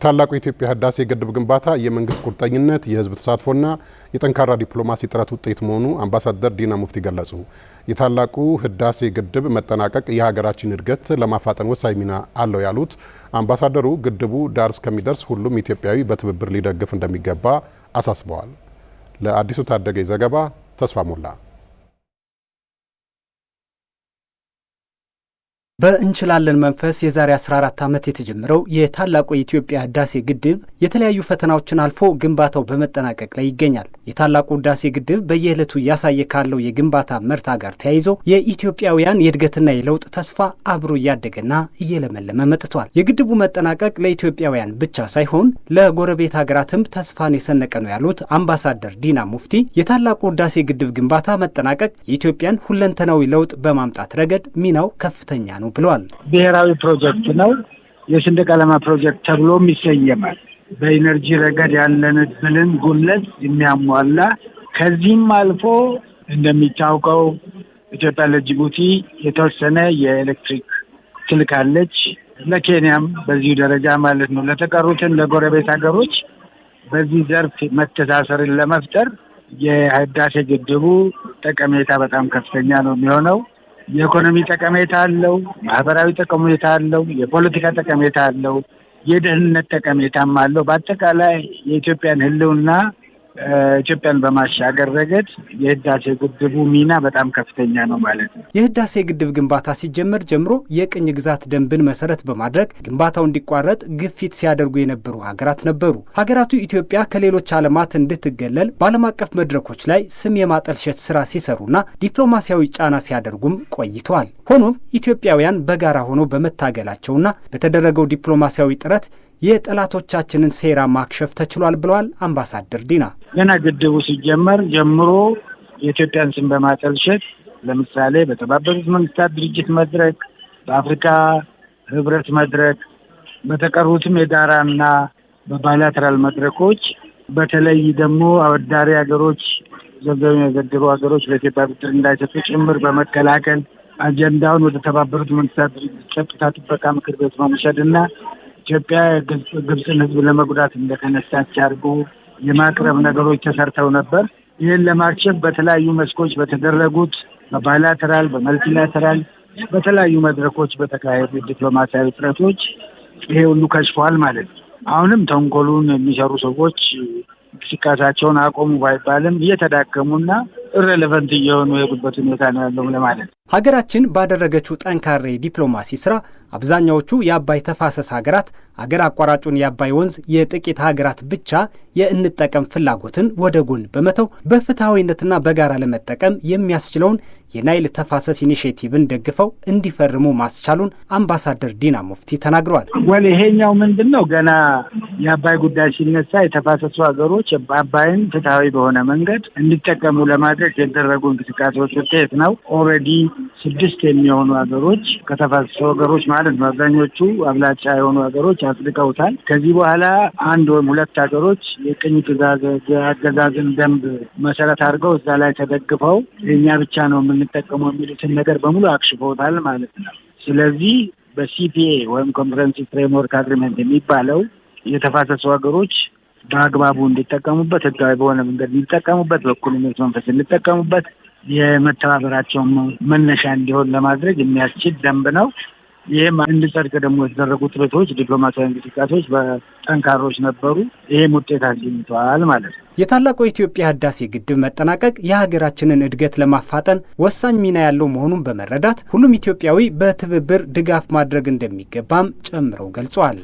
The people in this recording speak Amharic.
የታላቁ የኢትዮጵያ ህዳሴ ግድብ ግንባታ የመንግስት ቁርጠኝነት የህዝብ ተሳትፎና የጠንካራ ዲፕሎማሲ ጥረት ውጤት መሆኑ አምባሳደር ዲና ሙፍቲ ገለጹ። የታላቁ ህዳሴ ግድብ መጠናቀቅ የሀገራችን እድገት ለማፋጠን ወሳኝ ሚና አለው ያሉት አምባሳደሩ ግድቡ ዳር እስከሚደርስ ሁሉም ኢትዮጵያዊ በትብብር ሊደግፍ እንደሚገባ አሳስበዋል። ለአዲሱ ታደገኝ ዘገባ ተስፋ ሞላ በእንችላለን መንፈስ የዛሬ 14 ዓመት የተጀመረው የታላቁ የኢትዮጵያ ህዳሴ ግድብ የተለያዩ ፈተናዎችን አልፎ ግንባታው በመጠናቀቅ ላይ ይገኛል። የታላቁ ህዳሴ ግድብ በየዕለቱ እያሳየ ካለው የግንባታ መርታ ጋር ተያይዞ የኢትዮጵያውያን የእድገትና የለውጥ ተስፋ አብሮ እያደገና እየለመለመ መጥቷል። የግድቡ መጠናቀቅ ለኢትዮጵያውያን ብቻ ሳይሆን ለጎረቤት ሀገራትም ተስፋን የሰነቀ ነው ያሉት አምባሳደር ዲና ሙፍቲ የታላቁ ህዳሴ ግድብ ግንባታ መጠናቀቅ የኢትዮጵያን ሁለንተናዊ ለውጥ በማምጣት ረገድ ሚናው ከፍተኛ ነው ብለዋል። ብሔራዊ ፕሮጀክት ነው። የሰንደቅ ዓላማ ፕሮጀክት ተብሎም ይሰየማል። በኢነርጂ ረገድ ብልን ጉለት የሚያሟላ ከዚህም አልፎ እንደሚታወቀው ኢትዮጵያ ለጅቡቲ የተወሰነ የኤሌክትሪክ ትልካለች። ለኬንያም በዚሁ ደረጃ ማለት ነው። ለተቀሩትን ለጎረቤት ሀገሮች በዚህ ዘርፍ መተሳሰርን ለመፍጠር የህዳሴ ግድቡ ጠቀሜታ በጣም ከፍተኛ ነው የሚሆነው። የኢኮኖሚ ጠቀሜታ አለው፣ ማህበራዊ ጠቀሜታ አለው፣ የፖለቲካ ጠቀሜታ አለው፣ የደህንነት ጠቀሜታም አለው። በአጠቃላይ የኢትዮጵያን ህልውና። ኢትዮጵያን በማሻገር ረገድ የህዳሴ ግድቡ ሚና በጣም ከፍተኛ ነው ማለት ነው። የህዳሴ ግድብ ግንባታ ሲጀመር ጀምሮ የቅኝ ግዛት ደንብን መሰረት በማድረግ ግንባታው እንዲቋረጥ ግፊት ሲያደርጉ የነበሩ ሀገራት ነበሩ። ሀገራቱ ኢትዮጵያ ከሌሎች ዓለማት እንድትገለል በዓለም አቀፍ መድረኮች ላይ ስም የማጠልሸት ስራ ሲሰሩና ዲፕሎማሲያዊ ጫና ሲያደርጉም ቆይተዋል። ሆኖም ኢትዮጵያውያን በጋራ ሆኖ በመታገላቸውና በተደረገው ዲፕሎማሲያዊ ጥረት የጠላቶቻችንን ሴራ ማክሸፍ ተችሏል ብለዋል አምባሳደር ዲና። ገና ግድቡ ሲጀመር ጀምሮ የኢትዮጵያን ስም በማጠልሸት ለምሳሌ በተባበሩት መንግስታት ድርጅት መድረክ፣ በአፍሪካ ህብረት መድረክ፣ በተቀሩትም የጋራና በባይላተራል መድረኮች በተለይ ደግሞ አወዳሪ ሀገሮች ገንዘብ የገደሩ ሀገሮች በኢትዮጵያ ብድር እንዳይሰጡ ጭምር በመከላከል አጀንዳውን ወደ ተባበሩት መንግስታት ድርጅት ጸጥታ ጥበቃ ምክር ቤት መውሰድና ኢትዮጵያ ግብፅን ህዝብ ለመጉዳት እንደተነሳች አድርጎ የማቅረብ ነገሮች ተሰርተው ነበር። ይህን ለማክሸፍ በተለያዩ መስኮች በተደረጉት በባይላተራል፣ በመልቲላተራል፣ በተለያዩ መድረኮች በተካሄዱ ዲፕሎማሲያዊ ጥረቶች ይሄ ሁሉ ከሽፏል ማለት ነው። አሁንም ተንኮሉን የሚሰሩ ሰዎች እንቅስቃሴያቸውን አቆሙ ባይባልም እየተዳከሙና ኢሬሌቨንት እየሆኑ የሄዱበት ሁኔታ ነው ያለው ለማለት ነው። ሀገራችን ባደረገችው ጠንካራ የዲፕሎማሲ ስራ አብዛኛዎቹ የአባይ ተፋሰስ ሀገራት አገር አቋራጩን የአባይ ወንዝ የጥቂት ሀገራት ብቻ የእንጠቀም ፍላጎትን ወደ ጎን በመተው በፍትሐዊነትና በጋራ ለመጠቀም የሚያስችለውን የናይል ተፋሰስ ኢኒሽቲቭን ደግፈው እንዲፈርሙ ማስቻሉን አምባሳደር ዲና ሙፍቲ ተናግረዋል። ወል ይሄኛው ምንድን ነው ገና የአባይ ጉዳይ ሲነሳ የተፋሰሱ ሀገሮች አባይን ፍትሐዊ በሆነ መንገድ እንዲጠቀሙ ለማድረግ የተደረጉ እንቅስቃሴዎች ውጤት ነው ኦልሬዲ ስድስት የሚሆኑ ሀገሮች ከተፋሰሱ ሀገሮች ማለት ነው። አብዛኞቹ አብላጫ የሆኑ ሀገሮች አጽድቀውታል። ከዚህ በኋላ አንድ ወይም ሁለት ሀገሮች የቅኝ አገዛዝን ደንብ መሰረት አድርገው እዛ ላይ ተደግፈው እኛ ብቻ ነው የምንጠቀመው የሚሉትን ነገር በሙሉ አክሽፈውታል ማለት ነው። ስለዚህ በሲፒኤ ወይም ኮንፈረንስ ፍሬምወርክ አግሪመንት የሚባለው የተፋሰሱ ሀገሮች በአግባቡ እንዲጠቀሙበት፣ ህጋዊ በሆነ መንገድ እንዲጠቀሙበት፣ በእኩልነት መንፈስ እንጠቀሙበት የመተባበራቸውን መነሻ እንዲሆን ለማድረግ የሚያስችል ደንብ ነው። ይህም እንዲጸድቅ ደግሞ የተደረጉ ጥረቶች፣ ዲፕሎማሲያዊ እንቅስቃሴዎች በጠንካሮች ነበሩ። ይህም ውጤት አስገኝተዋል ማለት ነው። የታላቁ የኢትዮጵያ ህዳሴ ግድብ መጠናቀቅ የሀገራችንን እድገት ለማፋጠን ወሳኝ ሚና ያለው መሆኑን በመረዳት ሁሉም ኢትዮጵያዊ በትብብር ድጋፍ ማድረግ እንደሚገባም ጨምረው ገልጸዋል።